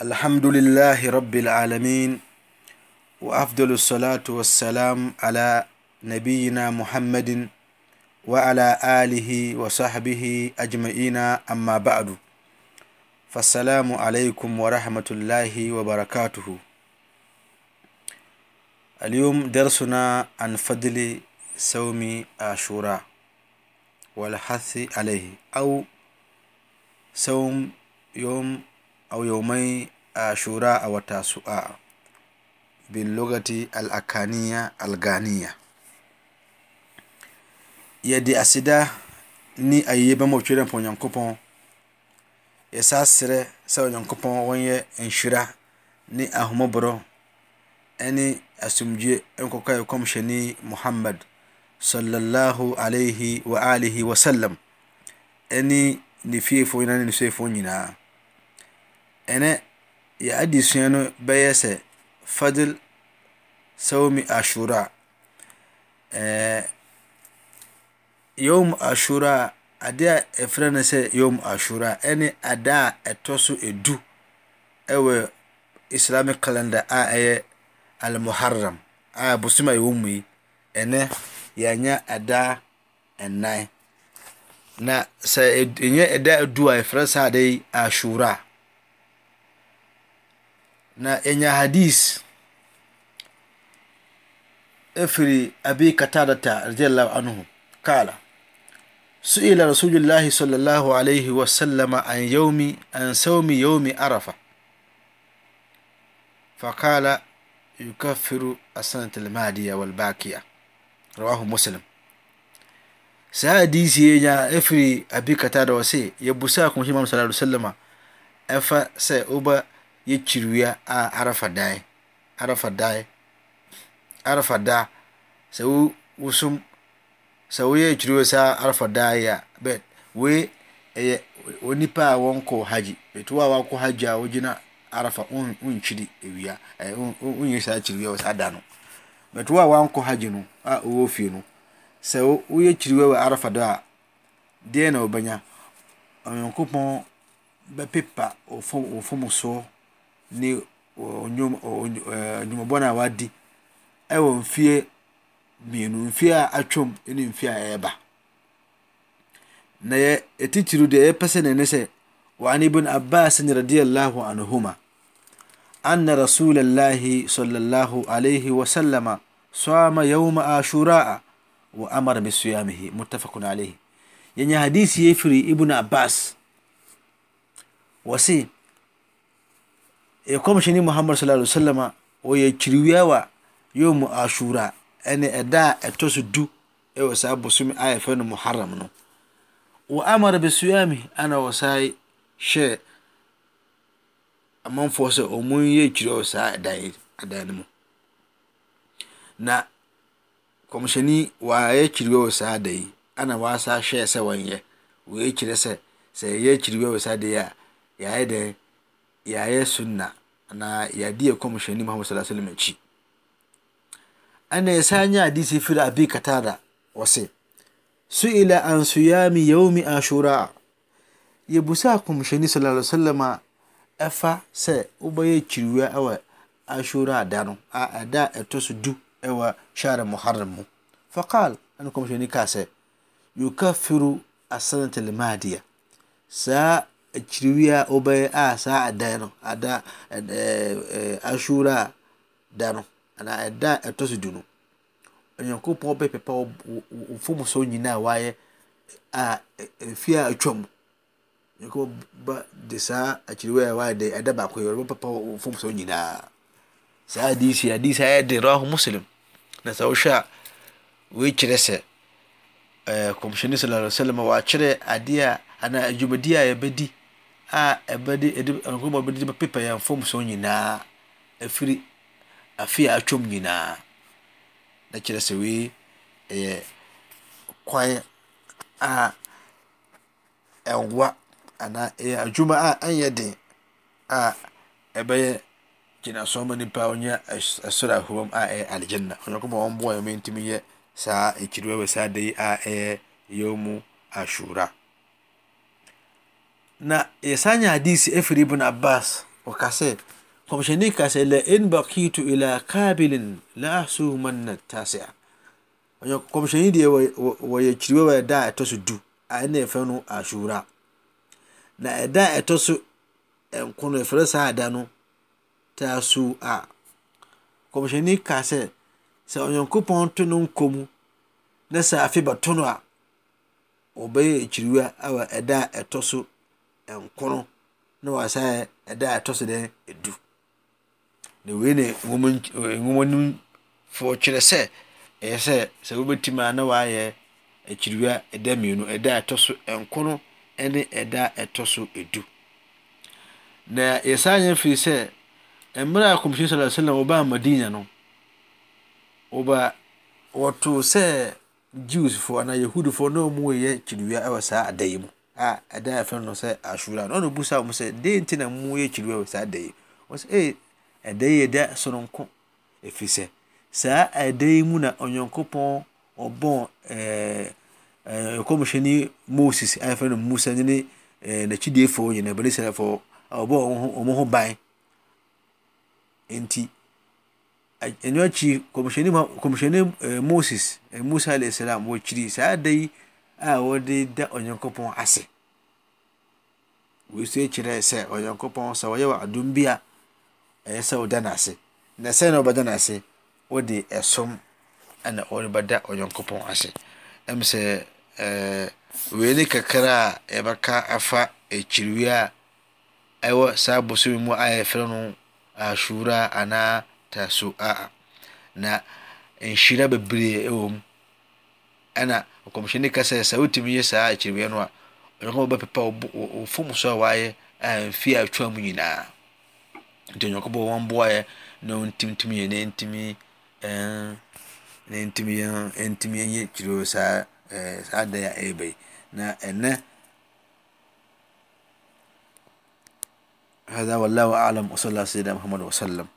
الحمد لله رب العالمين وأفضل الصلاة والسلام على نبينا محمد وعلى آله وصحبه أجمعين أما بعد فالسلام عليكم ورحمة الله وبركاته اليوم درسنا عن فضل صوم عاشوراء والحث عليه أو صوم يوم أو يومي عاشوراء a التاسوعاء باللغة الأكانية الغانية yɛde aseda ne a bɛma ɔtwerɛ mpa onyankopɔn yɛsa serɛ sɛ onyankopɔn wɔnyɛ nhyira ne ahomɔborɔ ne asomdwe nkɔkɔ a ni muhammad sallallahu alaihi wa alihi wasallam ne ne fiefo nyinaa ne ne nyinaa ɛnnɛ yɛn adesua no bɛyɛ sɛ fadl sawmi ashura. yom ashura adeɛ a yɛfrɛ no sɛ yom ashura ɛne ada a ɛtɔ so edu ɛwɔ islamic calendar a ɛyɛ al muharram a bosom a yɛwɔ mu yi ɛnɛ yɛanya ada nnan na sɛ ɛnyɛ ɛda edu a yɛfrɛ saa ade ashura. na yɛnya hadis ɛfiri abi katadata radiallahu anhu kala suila رسول الله صلى الله عليه وسلم عن يوم عن صوم يوم عرفة فقال يكفر السنة المادية والباقية رواه مسلم saa diisie nya ɛfiri abi katada wɔ se yɛbusaa kɔmhyɛ mam sala alai wasallama ɛfa sɛ woba yɛkyiri wia a arafa dan arafa dan arafa da sɛ wo wosom sɛ woyɛ akyiri wɔ saa arafa dan yɛ a bɛt wei ɛyɛ onipa a wɔnkɔ hagye bɛti wo a wakɔ hagye a wogyina arafa wonkyiri awia wonyɛ saa kyiri wia wɔ saa da no bɛti a wankɔ hagye no a ɔwɔ fie no sɛ woyɛ kyiri wɔ arafa da a deɛ na wɔbɛnya onyankopɔn bɛpepa wɔfom soɔ yumabɔne a wadi ɛwɔ nfie mienu nfiea atwom ne mfiea ɛɛba nayɛ titiro de yɛ pɛsɛ nene sɛ wɔ ane ibnu abbas ne radiallahu anhoma ana rasulallahi sal lahu alhi wasalama sama yauma ashura'a wa amara bisuamehi mutafacun alahi yɛnyɛ hadisi ye firi ibnu abbas wase e kɔm hyɛne muhammad sallallahu alaihi wa ya kyiriwia wa mu ashura ɛne ɛda a ɛtɔ so du ɛwɔ saa bosom a yɛfɛ no muharram no wa amara bisuami ana wɔ saa hyɛ amanfoɔ sɛ ɔmo yɛ kyiri wɔ saa ɛdan adan ni mu na wa waayɛ kyiriwia wɔ sa da yi ana waasa hyɛɛ sɛ wa ye kiri sɛ sɛ yɛyɛ kyiriwia wɔ sa da yi a yɛayɛ dɛn yɛayɛ sunna na yadi a kɔmhyɛni muhammad sallallahu alaihi wasallam akyi ana yɛsan nyɛ hadisi firi abi katada wɔse su'ila an suyami yaumi ashura yɛbusa kɔmhyɛni sallallahu alaihi wasallam a ɛfa sɛ wobɛyɛ kyiriwa ɛwɔ ashura da no a ɛda ɛtɔ so du ɛwɔ share muharram mu faqal ɛne kɔmhyɛni kaa sɛ yukaffiru asanata lemadiya saa akyiriwie a wobɛyɛ a saa ɛdan no ada ɛɛ asura da no anaa ɛda a ɛtɔ so du no onyankopɔn bɛpepa wo fom so nyinaa wayɛ a ɛfie a atwa mu onyankopɔn de saa akyiriwie a wayɛ de ɛda baako yɛ ɔbɛpepa wo fom so nyinaa saa adiisi adiisi a de rahu muslim na sɛ wohwɛ a wei kyerɛ sɛ ɛɛ kɔmhyɛni sallallahu alaihi wa wɔakyerɛ adeɛ a anaa adwumadie a yɛbɛdi a ɛbɛde ɛde nkurɔfoɔ bɛde de pepa yɛn fam so nyinaa afiri afi a atwam nyinaa na kyerɛ sɛ wei ɛyɛ kwan a ɛnwa anaa ɛyɛ adwuma a ɛnyɛ den a ɛbɛyɛ gyinasɔn ma nipa a ɔnyɛ ɛsoro ahoɔm a ɛyɛ aligyanna ɔnyɔnkɔmɔ wɔn mboa yɛn ntumi yɛ saa ekyiriwa wɔ saa da yi a ɛyɛ yɛn mu ashura na yɛsan nya efiri ɛfiri ibn abbas ɔka sɛ kɔmhyɛni ka sɛ la in bakitu ila kabilin la ahsuhumanna tasia ɔnyɛ kɔmhyɛni deɛ wɔyɛ kyiriwe wɔ ɛda a ɛtɔ so du a ɛna yɛfrɛ no ashura na ɛda a ɛtɔ so nko no saa ada no tasu a kɔmhyɛni ka sɛ sɛ ɔnyankopɔn to no nkɔ mu na sɛ afe bɛto no a ɔbɛyɛ kyiriwe a ɛda a ɛtɔ so nkono na wasan ɛda a ɛtɔ so dɛn edu na wei na nwomanomfoɔ eh, kyerɛ sɛ ɛyɛ sɛ sɛ wobɛtumi a na waayɛ akyiriwia ɛda mmienu ɛda a ɛtɔ so nkono ne ɛda a ɛtɔ so edu na yɛsan yɛ firi sɛ mmerɛ a kɔmhyɛn sɔlɔ sɛlɛ wɔbaa madina no wɔba wɔto sɛ jews foɔ anaa yahudifoɔ na wɔn yɛ kyiriwia wɔ saa ada yi mu a ɛda a yɛfrɛ no sɛ ashura na ɔno bu sa wɔn sɛ deɛ nti na mu yɛ kyiri wɛwɛ saa da yi wɔn sɛ ee ɛda yi ɛda soronko ɛfiri sɛ saa ɛda yi mu na ɔnyankopɔn ɔbɔn ɛɛ ɛɛ ɛkɔmhyɛni moses a yɛfrɛ no musa ne ɛɛ n'akyidiefoɔ nyinaa bɛrɛ sɛlɛfoɔ a ɔbɔ wɔn ho wɔn ho ban nti ɛnyɛ akyi kɔmhyɛni kɔmhyɛni ɛɛ moses ɛɛ musa alayhi salam a wɔde da onyankopɔn ase wɔsu kyerɛ sɛ onyankopɔn sɛ wɔyɛ wɔ adom bi a ɛyɛ sɛ woda no ase na sɛn na wobɛda no ase wode ɛsom ɛna wɔde bɛda onyankopɔn ase ɛm sɛ wei ne kakra a yɛbɛka afa akyiriwie a ɛwɔ saa bosome mu a yɛfrɛ no ashura anaa tasoa na nhyira bebree ɛwɔ mu ɛna kɔmhyɛni kasa sɛ wotumi yɛ saa akyiriwie no a onyankopɔn bɛpepa wo fom so a waayɛ amfi a atwa mu nyinaa nti onyankopɔn wɔn boaeɛ na ntimtumi yɛ na ntimi na ntimi ntimi yɛ kyerɛ saa saa da a ɛreba yi na ɛnɛ هذا والله أعلم وصلى الله سيدنا محمد وسلم